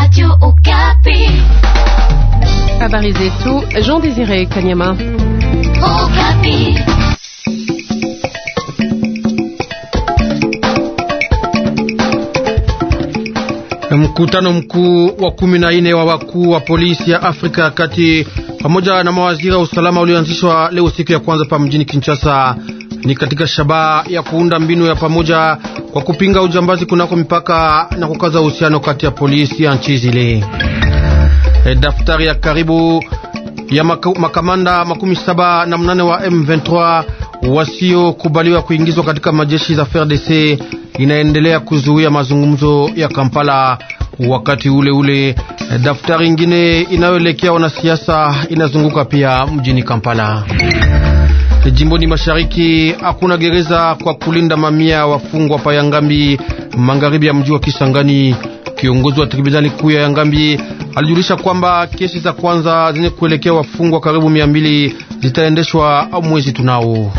Radio Okapi. Habari zetu Jean Désiré Kanyama. Okapi. Mkutano mkuu wa kumi na nne wa wakuu wa polisi ya Afrika ya Kati pamoja na mawaziri wa usalama ulioanzishwa leo siku ya kwanza pa mjini Kinshasa ni katika shabaha ya kuunda mbinu ya pamoja kwa kupinga ujambazi kunako mipaka na kukaza uhusiano kati ya polisi ya nchi zile. E, daftari ya karibu ya maka, makamanda makumi saba na mnane wa M23 wasiokubaliwa kuingizwa katika majeshi za FARDC inaendelea kuzuia mazungumzo ya Kampala. Wakati ule ule, eh, daftari ingine inayoelekea wanasiasa inazunguka pia mjini Kampala. Jimboni mashariki hakuna gereza kwa kulinda mamia wafungwa pa Yangambi, magharibi ya mji wa Kisangani. Kiongozi wa tribunali kuu ya Yangambi alijulisha kwamba kesi za kwanza zenye kuelekea wafungwa karibu mia mbili zitaendeshwa au mwezi tunao.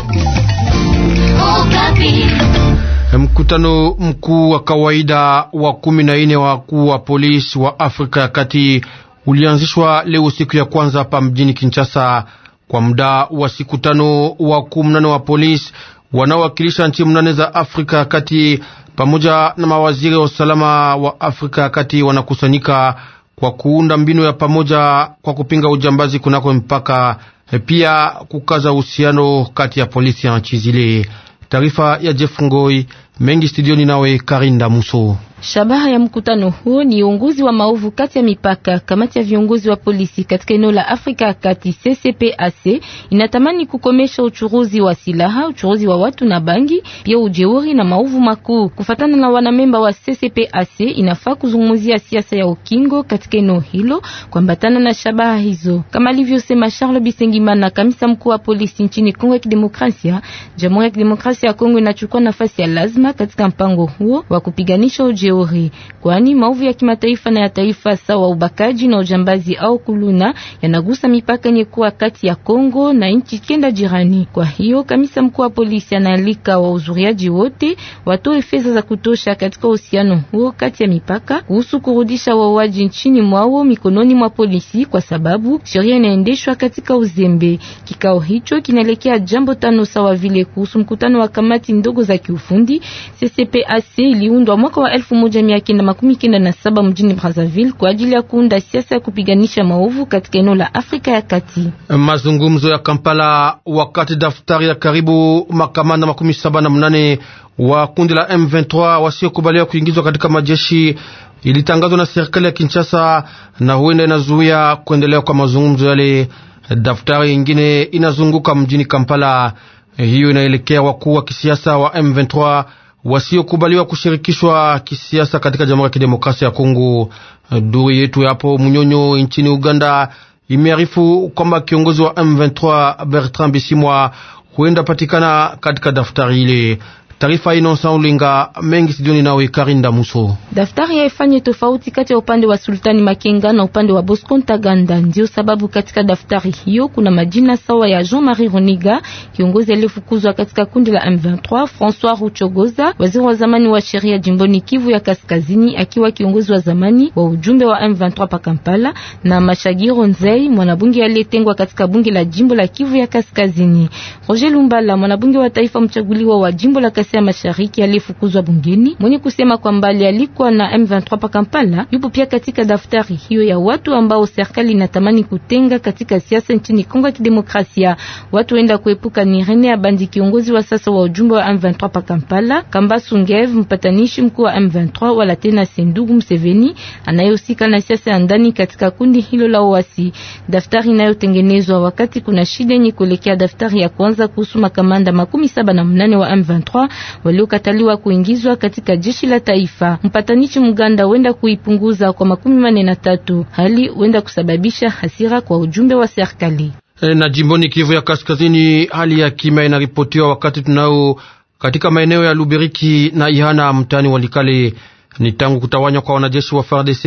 Mkutano mkuu wa kawaida wa kumi na nne wa wakuu wa polisi wa Afrika ya Kati ulianzishwa leo siku ya kwanza hapa mjini Kinshasa kwa muda wa siku tano wakuu mnane wa polisi wanaowakilisha nchi mnane za Afrika ya Kati pamoja na mawaziri wa usalama wa Afrika ya Kati wanakusanyika kwa kuunda mbinu ya pamoja kwa kupinga ujambazi kunako mpaka, eh, pia kukaza uhusiano kati ya polisi ya nchi zile. Taarifa ya Jeff Ngoi mengi studioni nawe Karinda Muso. Shabaha ya mkutano huu ni uongozi wa maovu kati ya mipaka. Kamati ya viongozi wa polisi katika eneo la Afrika ya Kati CCPAC inatamani kukomesha uchuruzi wa silaha, uchuruzi wa watu na bangi, pia ujeuri na maovu makuu. Kufatana na wanamemba wa CCPAC, inafaa kuzungumzia siasa ya ukingo katika eneo hilo kuambatana na shabaha hizo, kama alivyosema Charles Bisengimana, kamisa mkuu wa polisi nchini Kongo ya Kidemokrasia. Jamhuri ya Kidemokrasia ya Kongo inachukua nafasi ya lazima lazima katika mpango huo wa kupiganisha ujeuri, kwani maovu ya kimataifa na ya taifa sawa ubakaji na ujambazi au kuluna yanagusa mipaka yenye kuwa kati ya Kongo na nchi kenda jirani. Kwa hiyo kamisa mkuu wa polisi analika wahudhuriaji wote watoe fedha za kutosha katika uhusiano huo kati ya mipaka kuhusu kurudisha wauaji nchini mwao mikononi mwa polisi, kwa sababu sheria inaendeshwa katika uzembe. Kikao hicho kinaelekea jambo tano sawa vile kuhusu mkutano wa kamati ndogo za kiufundi CCPAC iliundwa mwaka wa 1997 mjini Brazzaville kwa ajili ya kuunda siasa ya kupiganisha maovu katika eneo la Afrika ya Kati. Mazungumzo ya Kampala wakati daftari ya karibu makamanda makumi saba na mnane wa kundi la M23 wasiokubaliwa kuingizwa katika majeshi ilitangazwa na serikali ya Kinshasa na huenda inazuia kuendelea kwa mazungumzo yale. Daftari ingine inazunguka mjini Kampala, hiyo inaelekea wakuu wa kisiasa wa M23 wasiokubaliwa kushirikishwa kisiasa katika Jamhuri ya Kidemokrasia ya Kongo. Eh, Duri yetu yapo Munyonyo nchini Uganda imearifu kwamba kiongozi wa M23 Bertrand Bisimwa huenda patikana katika daftari ile. Taarifa saulinga mengi sidioni nawe Karinda Muso. Daftari ya ifanye tofauti kati ya upande wa Sultani Makenga na upande wa Bosco Ntaganda. Ndio sababu katika daftari hiyo kuna majina sawa ya Jean-Marie Roniga, kiongozi aliyefukuzwa katika kundi la M23, François Ruchogoza, waziri wa zamani wa sheria jimboni Kivu ya Kaskazini, akiwa kiongozi wa zamani wa ujumbe wa M23 pa Kampala, na Mashagiro Nzei, mwanabunge aliyetengwa katika bunge la jimbo la Kivu ya Kaskazini. Roger Lumbala, mwanabunge wa taifa mchaguliwa wa jimbo la Kaskazini Kasai ya Mashariki aliyefukuzwa bungeni mwenye kusema kwa mbali alikuwa na M23 pa Kampala, yupo pia katika daftari hiyo ya watu ambao serikali inatamani kutenga katika siasa nchini Kongo ya Kidemokrasia. Watu wenda kuepuka ni Rene Abandi, kiongozi wa sasa wa ujumbe wa M23 pa Kampala, kamba Sungev, mpatanishi mkuu wa M23, wala tena Sendugu Mseveni anayehusika na siasa ya ndani katika kundi hilo la uasi. Daftari inayotengenezwa wakati kuna shida yenye kuelekea daftari ya kwanza kuhusu makamanda makumi saba na mnane wa M23 waliokataliwa kuingizwa katika jeshi la taifa. Mpatanishi mganda wenda kuipunguza kwa makumi mane na tatu, hali wenda kusababisha hasira kwa ujumbe wa serikali. E, na jimboni Kivu ya Kaskazini, hali ya kima inaripotiwa wakati tunao katika maeneo ya Lubiriki na Ihana mtani Walikale ni tangu kutawanywa kwa wanajeshi wa FARDC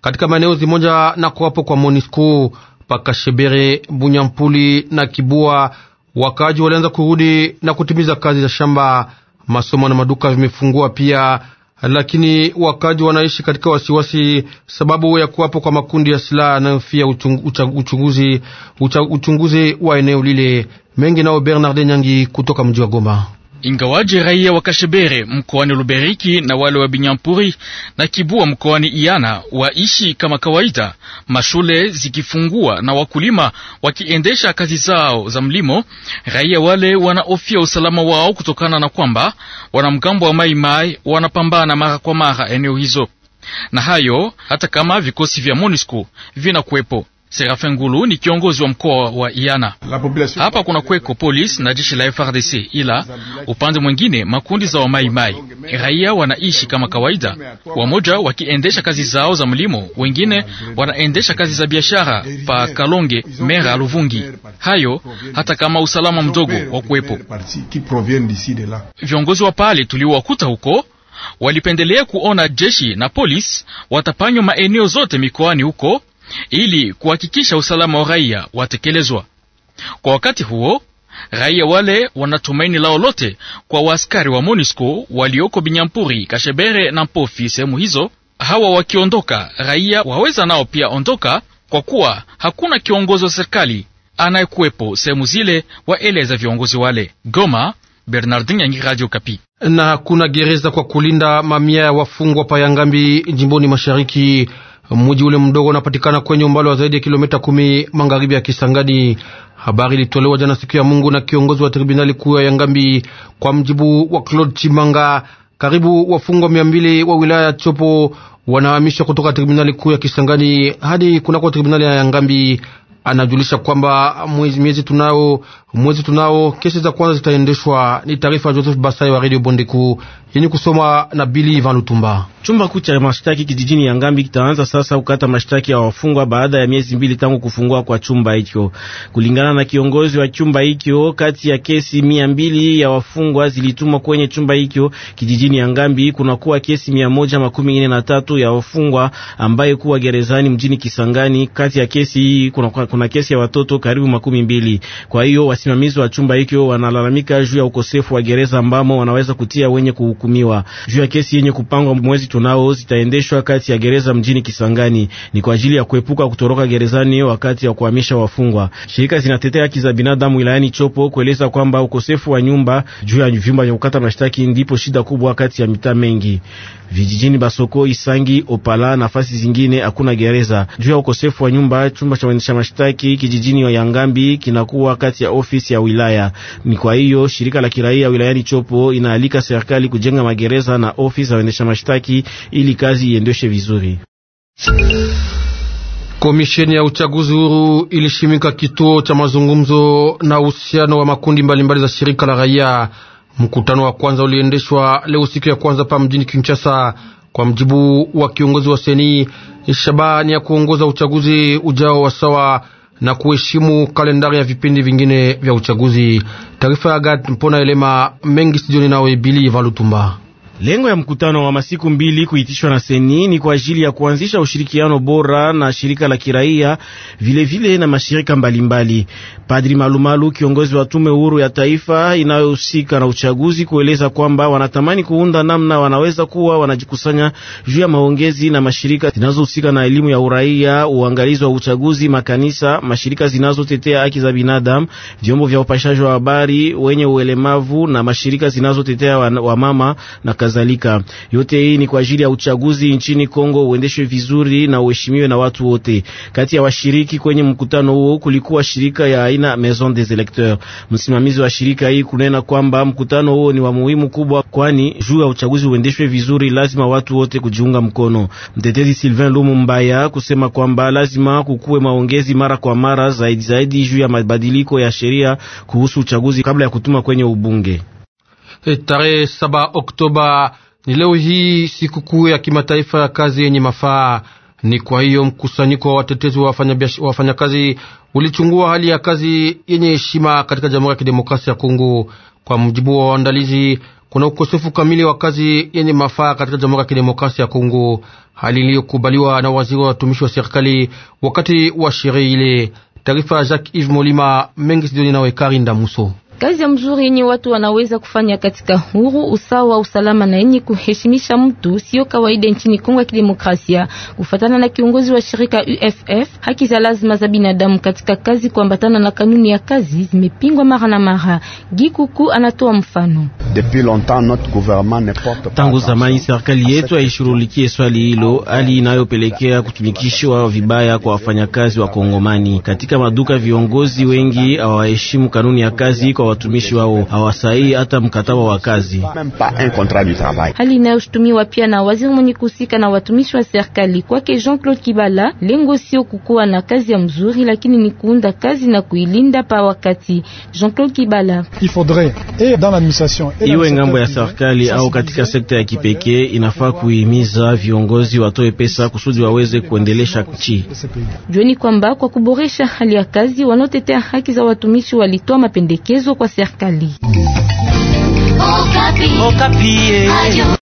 katika maeneo zimoja na kuwapo kwa MONUSCO paka Shebere, Bunyampuli na Kibua, wakaaji walianza kurudi na kutimiza kazi za shamba. Masomo na maduka vimefungua pia, lakini wakaji wanaishi katika wasiwasi sababu ya kuwapo kwa makundi ya silaha yanayofia uchunguzi, uchunguzi wa eneo lile mengi. Nao Bernard Nyangi kutoka mji wa Goma. Ingawaje raia wa Kashebere mkoani Luberiki na wale wa Binyampuri na Kibua mkoani Iana waishi kama kawaida, mashule zikifungua na wakulima wakiendesha kazi zao za mlimo, raia wale wanaofia usalama wao kutokana na kwamba wanamgambo wa Maimai wanapambana mara kwa mara eneo hizo, na hayo hata kama vikosi vya MONUSCO vinakuwepo. Serafin Ngulu ni kiongozi wa mkoa wa Iana. Hapa kuna kweko polisi na jeshi la FRDC, ila upande mwingine makundi za wamaimai raia wanaishi kama kawaida, wamoja wakiendesha kazi zao za mlimo, wengine wanaendesha kazi za biashara pa Kalonge, Mera, Luvungi. Hayo hata kama usalama mdogo wa kuwepo, viongozi wa pale tuliowakuta huko walipendelea kuona jeshi na polisi watapanywa maeneo zote mikoani huko ili kuhakikisha usalama wa raia watekelezwa. Kwa wakati huo, raia wale wanatumaini lao lote kwa waaskari wa MONUSCO walioko Binyampuri, Kashebere na Mpofi. Sehemu hizo hawa wakiondoka, raia waweza nao pia ondoka, kwa kuwa hakuna kiongozi wa serikali anayekuwepo sehemu zile, waeleza viongozi wale. Goma, Bernardin Yangi, Radio Kapi. Na kuna gereza kwa kulinda mamia ya wafungwa pa Yangambi, jimboni mashariki Mji ule mdogo unapatikana kwenye umbali wa zaidi ya kilomita kumi magharibi ya Kisangani. Habari ilitolewa jana siku ya Mungu na kiongozi wa tribunali kuu ya Yangambi. Kwa mjibu wa Claude Chimanga, karibu wafungwa mia mbili wa wilaya ya Chopo wanahamishwa kutoka tribunali kuu ya Kisangani hadi kunako tribunali ya Yangambi anajulisha kwamba mwezi, mwezi tunao mwezi tunao kesi za kwanza zitaendeshwa. Ni taarifa ya Joseph Basai wa Radio Bondeku yenye kusoma na Bili Ivan Lutumba. Chumba kuu cha mashtaki kijijini ya Ngambi kitaanza sasa kukata mashtaki ya wafungwa baada ya miezi mbili tangu kufungua kwa chumba hicho. Kulingana na kiongozi wa chumba hicho, kati ya kesi mia mbili ya wafungwa zilitumwa kwenye chumba hicho kijijini ya Ngambi, kuna kuwa kesi mia moja makumi nne na tatu ya wafungwa ambaye kuwa gerezani mjini Kisangani. Kati ya kesi hii kuna, kuna kuna kesi ya watoto karibu makumi mbili. Kwa hiyo wasimamizi wa chumba hicho wanalalamika juu ya ukosefu wa gereza ambamo wanaweza kutia wenye kuhukumiwa. Juu ya kesi yenye kupangwa mwezi tunao zitaendeshwa kati ya gereza mjini Kisangani, ni kwa ajili ya kuepuka kutoroka gerezani wakati ya kuhamisha wafungwa. Shirika zinatetea haki za binadamu wilayani Chopo kueleza kwamba ukosefu wa nyumba juu ya vyumba vya kukata mashtaki ndipo shida kubwa kati ya mitaa mengi vijijini Basoko, Isangi, Opala nafasi zingine hakuna gereza juu ya ukosefu wa nyumba. Chumba cha waendesha mashtaki Mashtaki kijijini wa Yangambi kinakuwa kati ya ofisi ya wilaya. Ni kwa hiyo shirika la kiraia wilayani Chopo inaalika serikali kujenga magereza na ofisi za waendesha mashtaki ili kazi iendeshe vizuri. Komisheni ya uchaguzi huru ilishimika kituo cha mazungumzo na uhusiano wa makundi mbalimbali mbali za shirika la raia. Mkutano wa kwanza uliendeshwa leo siku ya kwanza pa mjini Kinshasa. Kwa mjibu wa kiongozi wa seni, shabaha ni ya kuongoza uchaguzi ujao wa sawa na kuheshimu kalendari ya vipindi vingine vya uchaguzi. Taarifa ya gad Mpona Elema Mengi, studioni nawe Bili Valutumba. Lengo ya mkutano wa masiku mbili kuitishwa na seni ni kwa ajili ya kuanzisha ushirikiano bora na shirika la kiraia vilevile vile na mashirika mbalimbali mbali. Padri Malumalu, kiongozi wa tume huru ya taifa inayohusika na uchaguzi, kueleza kwamba wanatamani kuunda namna wanaweza kuwa wanajikusanya juu ya maongezi na mashirika zinazohusika na elimu ya uraia, uangalizi wa uchaguzi, makanisa, mashirika zinazotetea haki za binadamu, vyombo vya upashaji wa habari, wenye uelemavu na mashirika zinazotetea wamama wa na kadhalika. Yote hii ni kwa ajili ya uchaguzi nchini Kongo uendeshwe vizuri na uheshimiwe na watu wote. Kati ya washiriki kwenye mkutano huo kulikuwa shirika ya aina Maison des Electeurs. Msimamizi wa shirika hii kunena kwamba mkutano huo ni wa muhimu kubwa, kwani juu ya uchaguzi uendeshwe vizuri lazima watu wote kujiunga mkono. Mtetezi Sylvain Lumumbaya kusema kwamba lazima kukuwe maongezi mara kwa mara zaidi zaidi juu ya mabadiliko ya sheria kuhusu uchaguzi kabla ya kutuma kwenye ubunge. Tarehe saba Oktoba ni leo hii sikukuu ya kimataifa ya kazi yenye mafaa. Ni kwa hiyo mkusanyiko wa watetezi wa wafanyakazi ulichungua hali ya kazi yenye heshima katika Jamhuri ya Kidemokrasia ya Kongo. Kwa mjibu wa waandalizi, kuna ukosefu kamili wa kazi yenye mafaa katika Jamhuri ya Kidemokrasia ya Kongo, hali iliyokubaliwa na waziri wa watumishi wa serikali wakati wa sherehe ile. Taarifa ya Jacques Yves Molima mengi Sidoni nawe Karinda Muso kazi ya mzuri yenye watu wanaweza kufanya katika huru, usawa, usalama na yenye kuheshimisha mtu sio kawaida nchini Kongo ya Kidemokrasia. Kufatana na kiongozi wa shirika UFF, haki za lazima za binadamu katika kazi kuambatana na kanuni ya kazi zimepingwa mara na mara. Gikuku anatoa mfano. Tangu zamani serikali yetu haishughulikie swali hilo, hali inayopelekea kutumikishwa vibaya kwa wafanyakazi wa Kongomani katika maduka. Viongozi wengi hawaheshimu kanuni ya kazi kwa watumishi wao hawasaii hata mkataba wa kazi, hali inayoshutumiwa pia na waziri mwenye kuhusika na watumishi wa serikali. Kwake Jean Claude Kibala, lengo sio kukuwa na kazi ya mzuri, lakini ni kuunda kazi na kuilinda pa wakati. Jean Claude Kibala: iwe ngambo ya serikali au katika sekta ya kipekee, inafaa kuhimiza viongozi watoe pesa kusudi waweze kuendelesha nchi. Jueni kwamba kwa kuboresha hali ya kazi, wanaotetea haki za watumishi walitoa mapendekezo kwa serikali. Oh, oh, eh.